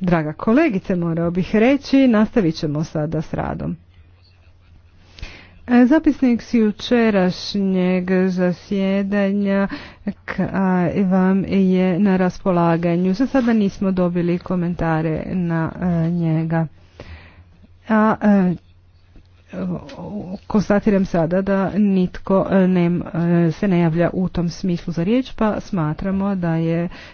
Draga kolegice, morao bih reći, nastavit ćemo sada s radom. E, zapisnik s jučerašnjeg zasjedanja vam je na raspolaganju. Za sada nismo dobili komentare na e, njega. A e, konstatiram sada da nitko se ne javlja u tom smislu za riječ, pa smatramo da je